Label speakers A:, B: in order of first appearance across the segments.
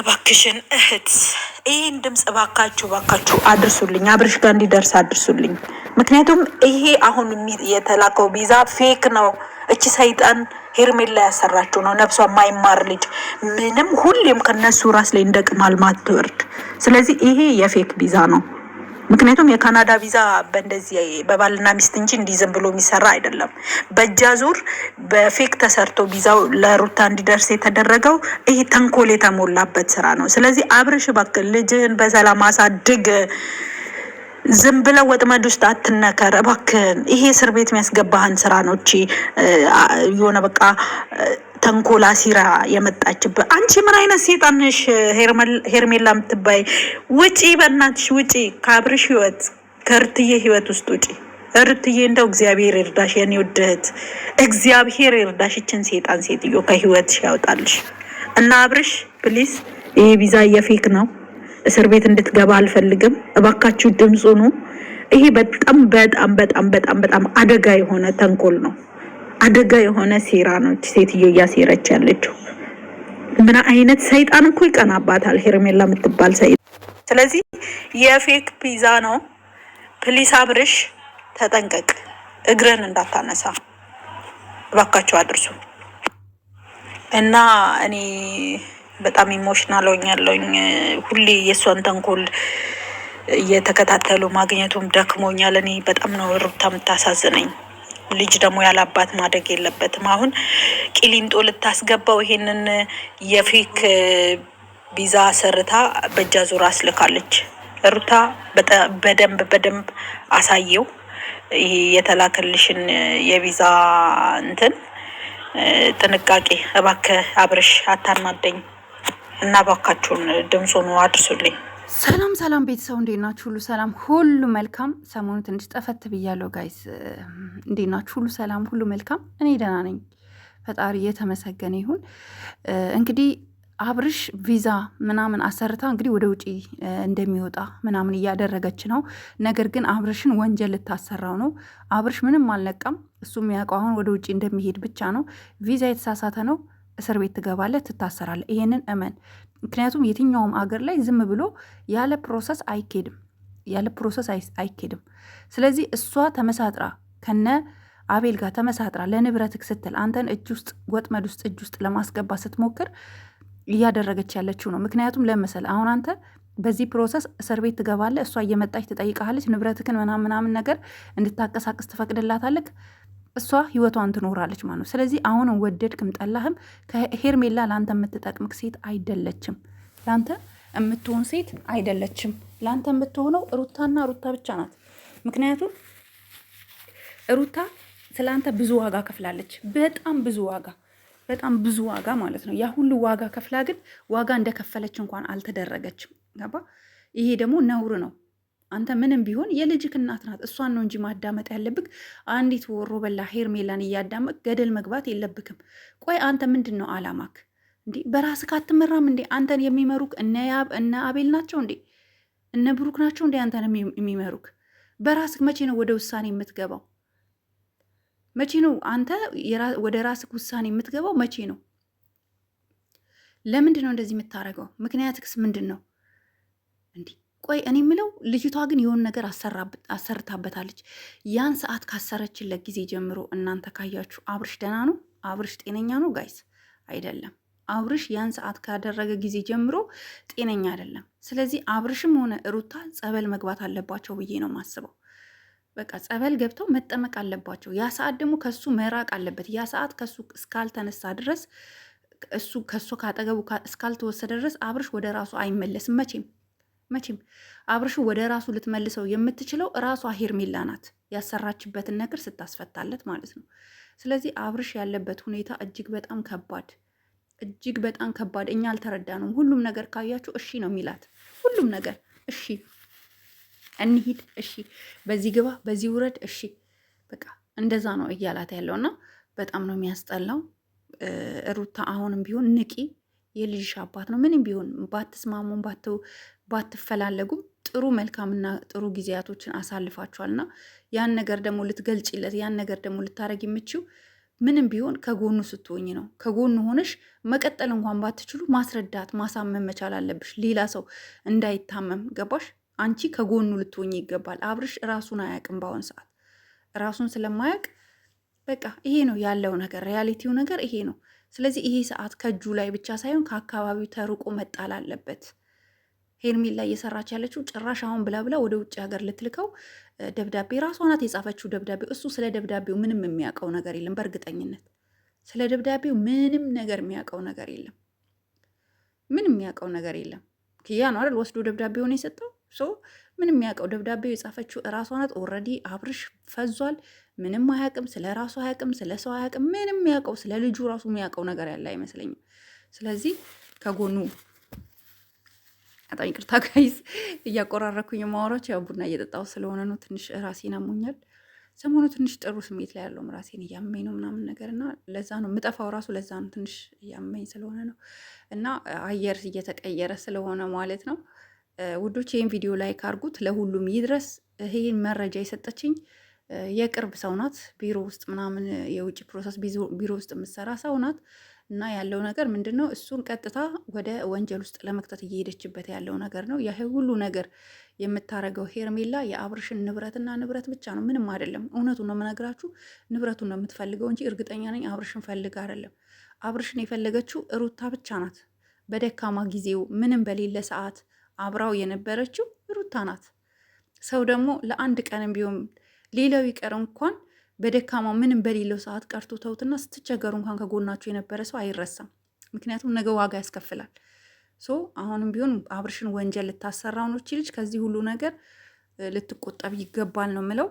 A: እባክሽን እህት ይህን ድምፅ እባካችሁ እባካችሁ አድርሱልኝ፣ አብርሽ ጋር እንዲደርስ አድርሱልኝ። ምክንያቱም ይሄ አሁን የተላከው ቪዛ ፌክ ነው። እቺ ሰይጣን ሄርሜላ ያሰራችሁ ነው። ነፍሷ የማይማር ልጅ ምንም ሁሌም ከነሱ ራስ ላይ እንደቅማል ማትወርድ። ስለዚህ ይሄ የፌክ ቪዛ ነው። ምክንያቱም የካናዳ ቪዛ በእንደዚህ በባልና ሚስት እንጂ እንዲህ ዝም ብሎ የሚሰራ አይደለም። በእጃ ዙር በፌክ ተሰርቶ ቪዛው ለሩታ እንዲደርስ የተደረገው ይሄ ተንኮል የተሞላበት ስራ ነው። ስለዚህ አብርሽ እባክህ ልጅህን በሰላም አሳድግ። ዝም ብለው ወጥመድ ውስጥ አትነከር እባክህን። ይሄ እስር ቤት የሚያስገባህን ስራ ነው። እቺ የሆነ በቃ ተንኮላ ሲራ የመጣችበት አንቺ ምን አይነት ሴጣን ነሽ? ሄርሜላ የምትባይ ውጪ፣ በእናትሽ ውጪ፣ ከአብርሽ ህይወት ከእርትዬ ህይወት ውስጥ ውጪ። እርትዬ እንደው እግዚአብሔር ይርዳሽ፣ የኔ ውድ እህት እግዚአብሔር ይርዳሽ። ይችን ሴጣን ሴትዮ ከህይወትሽ ያውጣልሽ እና አብርሽ ፕሊስ፣ ይሄ ቪዛ የፌክ ነው። እስር ቤት እንድትገባ አልፈልግም። እባካችሁ ድምፁ ኑ። ይሄ በጣም በጣም በጣም በጣም በጣም አደጋ የሆነ ተንኮል ነው። አደጋ የሆነ ሴራ ነው ሴትዮ እያሴረች ያለችው። ምን አይነት ሰይጣን እኮ ይቀናባታል ሄርሜላ የምትባል ሰይጣን። ስለዚህ የፌክ ፒዛ ነው። ፕሊስ አብርሽ ተጠንቀቅ፣ እግርን እንዳታነሳ እባካቸው አድርሱ እና እኔ በጣም ኢሞሽናል ሆኛለሁኝ። ሁሌ የእሷን ተንኮል እየተከታተሉ ማግኘቱም ደክሞኛል። እኔ በጣም ነው ሩታ የምታሳዝነኝ። ልጅ ደግሞ ያለ አባት ማደግ የለበትም። አሁን ቂሊንጦ ልታስገባው ይሄንን የፌክ ቢዛ ሰርታ በእጃ ዙር አስልካለች። ሩታ በደንብ በደንብ አሳየው ይሄ የተላከልሽን የቪዛ እንትን ጥንቃቄ እባክህ አብርሽ አታናደኝ እና እባካችሁን ድምፁን አድርሱልኝ።
B: ሰላም ሰላም ቤተሰብ እንዴት ናችሁ? ሁሉ ሰላም፣ ሁሉ መልካም። ሰሞኑ ትንሽ ጠፈት ብያለሁ ጋይስ። እንዴት ናችሁ? ሁሉ ሰላም፣ ሁሉ መልካም። እኔ ደህና ነኝ፣ ፈጣሪ እየተመሰገነ ይሁን። እንግዲህ አብርሽ ቪዛ ምናምን አሰርታ እንግዲህ ወደ ውጪ እንደሚወጣ ምናምን እያደረገች ነው። ነገር ግን አብርሽን ወንጀል ልታሰራው ነው። አብርሽ ምንም አልነቃም። እሱ የሚያውቀው አሁን ወደ ውጪ እንደሚሄድ ብቻ ነው። ቪዛ የተሳሳተ ነው። እስር ቤት ትገባለህ፣ ትታሰራለህ። ይሄንን እመን። ምክንያቱም የትኛውም አገር ላይ ዝም ብሎ ያለ ፕሮሰስ አይኬድም፣ ያለ ፕሮሰስ አይኬድም። ስለዚህ እሷ ተመሳጥራ ከነ አቤል ጋር ተመሳጥራ ለንብረትክ ስትል አንተን እጅ ውስጥ ወጥመድ ውስጥ እጅ ውስጥ ለማስገባት ስትሞክር እያደረገች ያለችው ነው። ምክንያቱም ለመሰል አሁን አንተ በዚህ ፕሮሰስ እስር ቤት ትገባለህ። እሷ እየመጣች ትጠይቃለች፣ ንብረትክን ምናምን ምናምን ነገር እንድታቀሳቅስ ትፈቅድላታለህ። እሷ ህይወቷን ትኖራለች ማለት ነው። ስለዚህ አሁን ወደድክም ጠላህም ከሄርሜላ ለአንተ የምትጠቅምክ ሴት አይደለችም። ለአንተ የምትሆን ሴት አይደለችም። ለአንተ የምትሆነው ሩታና ሩታ ብቻ ናት። ምክንያቱም ሩታ ስለአንተ ብዙ ዋጋ ከፍላለች። በጣም ብዙ ዋጋ በጣም ብዙ ዋጋ ማለት ነው። ያ ሁሉ ዋጋ ከፍላ ግን ዋጋ እንደከፈለች እንኳን አልተደረገችም። ገባ? ይሄ ደግሞ ነውር ነው። አንተ ምንም ቢሆን የልጅክ እናት ናት። እሷን ነው እንጂ ማዳመጥ ያለብክ። አንዲት ወሮ በላ ሄርሜላን እያዳመቅ ገደል መግባት የለብክም። ቆይ አንተ ምንድን ነው አላማክ? እንዴ በራስክ አትመራም እንዴ? አንተን የሚመሩክ እነ ያብ እነ አቤል ናቸው እንዴ? እነ ብሩክ ናቸው እንዴ? አንተን የሚመሩክ በራስክ መቼ ነው ወደ ውሳኔ የምትገባው? መቼ ነው አንተ ወደ ራስክ ውሳኔ የምትገባው? መቼ ነው? ለምንድን ነው እንደዚህ የምታደርገው? ምክንያትክስ ምንድን ነው እንዲህ ቆይ እኔ የምለው ልጅቷ ግን የሆን ነገር አሰርታበታለች። ያን ሰዓት ካሰረችለት ጊዜ ጀምሮ እናንተ ካያችሁ አብርሽ ደህና ነው? አብርሽ ጤነኛ ነው? ጋይስ አይደለም። አብርሽ ያን ሰዓት ካደረገ ጊዜ ጀምሮ ጤነኛ አይደለም። ስለዚህ አብርሽም ሆነ ሩታ ጸበል መግባት አለባቸው ብዬ ነው የማስበው። በቃ ጸበል ገብተው መጠመቅ አለባቸው። ያ ሰዓት ደግሞ ከሱ መራቅ አለበት። ያ ሰዓት ከሱ እስካልተነሳ ድረስ እሱ ከሱ ካጠገቡ እስካልተወሰደ ድረስ አብርሽ ወደ ራሱ አይመለስም መቼም መቼም አብርሹ ወደ ራሱ ልትመልሰው የምትችለው ራሷ ሄርሜላ ናት፣ ያሰራችበትን ነገር ስታስፈታለት ማለት ነው። ስለዚህ አብርሽ ያለበት ሁኔታ እጅግ በጣም ከባድ እጅግ በጣም ከባድ። እኛ አልተረዳንም። ሁሉም ነገር ካያችሁ እሺ ነው የሚላት ሁሉም ነገር እሺ፣ እንሂድ፣ እሺ፣ በዚህ ግባ፣ በዚህ ውረድ፣ እሺ፣ በቃ እንደዛ ነው እያላት ያለውና በጣም ነው የሚያስጠላው። ሩታ አሁንም ቢሆን ንቂ የልጅሽ አባት ነው። ምንም ቢሆን ባትስማሙም ባትፈላለጉም ጥሩ መልካምና ጥሩ ጊዜያቶችን አሳልፋችኋልና ያን ነገር ደግሞ ልትገልጭለት ያን ነገር ደግሞ ልታደረግ የምችው ምንም ቢሆን ከጎኑ ስትሆኝ ነው። ከጎኑ ሆነሽ መቀጠል እንኳን ባትችሉ ማስረዳት ማሳመን መቻል አለብሽ፣ ሌላ ሰው እንዳይታመም ገባሽ? አንቺ ከጎኑ ልትሆኝ ይገባል። አብርሽ ራሱን አያውቅም። በአሁን ሰዓት ራሱን ስለማያውቅ በቃ ይሄ ነው ያለው ነገር፣ ሪያሊቲው ነገር ይሄ ነው። ስለዚህ ይሄ ሰዓት ከእጁ ላይ ብቻ ሳይሆን ከአካባቢው ተርቆ መጣል አለበት። ሄርሜላ እየሰራች ያለችው ጭራሽ አሁን ብላ ብላ ወደ ውጭ ሀገር ልትልከው ደብዳቤ ራሷ ናት የጻፈችው ደብዳቤ። እሱ ስለ ደብዳቤው ምንም የሚያውቀው ነገር የለም። በእርግጠኝነት ስለ ደብዳቤው ምንም ነገር የሚያውቀው ነገር የለም። ምንም የሚያውቀው ነገር የለም። ክያ ነው አይደል ወስዶ ደብዳቤውን የሰጠው። ሶ ምንም የሚያውቀው ደብዳቤው የጻፈችው እራሷ ናት። ኦልሬዲ አብርሽ ፈዟል። ምንም አያውቅም፣ ስለ ራሱ አያውቅም፣ ስለ ሰው አያውቅም። ምንም የሚያውቀው ስለ ልጁ ራሱ የሚያውቀው ነገር ያለ አይመስለኝም። ስለዚህ ከጎኑ በጣም ቅርታ ጋይዝ፣ እያቆራረኩኝ ማወራች ያው ቡና እየጠጣሁ ስለሆነ ነው። ትንሽ ራሴን አሞኛል። ሰሞኑ ትንሽ ጥሩ ስሜት ላይ ያለውም ራሴን እያመኝ ነው ምናምን ነገር እና ለዛ ነው የምጠፋው። ራሱ ለዛ ነው ትንሽ እያመኝ ስለሆነ ነው እና አየር እየተቀየረ ስለሆነ ማለት ነው። ውዶች ይህን ቪዲዮ ላይክ አድርጉት፣ ለሁሉም ይድረስ። ይህን መረጃ የሰጠችኝ የቅርብ ሰው ናት። ቢሮ ውስጥ ምናምን የውጭ ፕሮሰስ ቢሮ ውስጥ የምትሰራ ሰው ናት እና ያለው ነገር ምንድን ነው? እሱን ቀጥታ ወደ ወንጀል ውስጥ ለመክተት እየሄደችበት ያለው ነገር ነው። ይህ ሁሉ ነገር የምታረገው ሄርሜላ የአብርሽን ንብረትና ንብረት ብቻ ነው፣ ምንም አይደለም። እውነቱን ነው የምነግራችሁ። ንብረቱን ነው የምትፈልገው እንጂ እርግጠኛ ነኝ አብርሽን ፈልግ አይደለም። አብርሽን የፈለገችው ሩታ ብቻ ናት። በደካማ ጊዜው ምንም በሌለ ሰዓት አብራው የነበረችው ሩታ ናት። ሰው ደግሞ ለአንድ ቀንም ቢሆን ሌላው ይቀር እንኳን በደካማ ምንም በሌለው ሰዓት ቀርቶ ተውትና ስትቸገሩ እንኳን ከጎናችሁ የነበረ ሰው አይረሳም። ምክንያቱም ነገ ዋጋ ያስከፍላል። ሶ አሁንም ቢሆን አብርሽን ወንጀል ልታሰራው ነው ልጅ። ከዚህ ሁሉ ነገር ልትቆጠብ ይገባል ነው ምለው።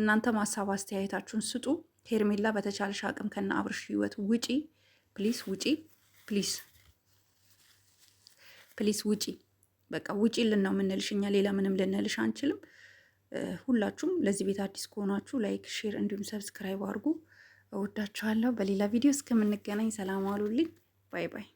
B: እናንተም ሀሳብ አስተያየታችሁን ስጡ። ሄርሜላ በተቻለሽ አቅም ከነ አብርሽ ህይወት ውጪ ፕሊስ፣ ውጪ ፕሊስ፣ ፕሊስ ውጪ። በቃ ውጪልን ነው የምንልሽ እኛ ሌላ ምንም ልንልሽ አንችልም። ሁላችሁም ለዚህ ቤት አዲስ ከሆናችሁ ላይክ፣ ሼር እንዲሁም ሰብስክራይብ አድርጉ። እወዳችኋለሁ። በሌላ ቪዲዮ እስከምንገናኝ ሰላም አሉልኝ። ባይ ባይ።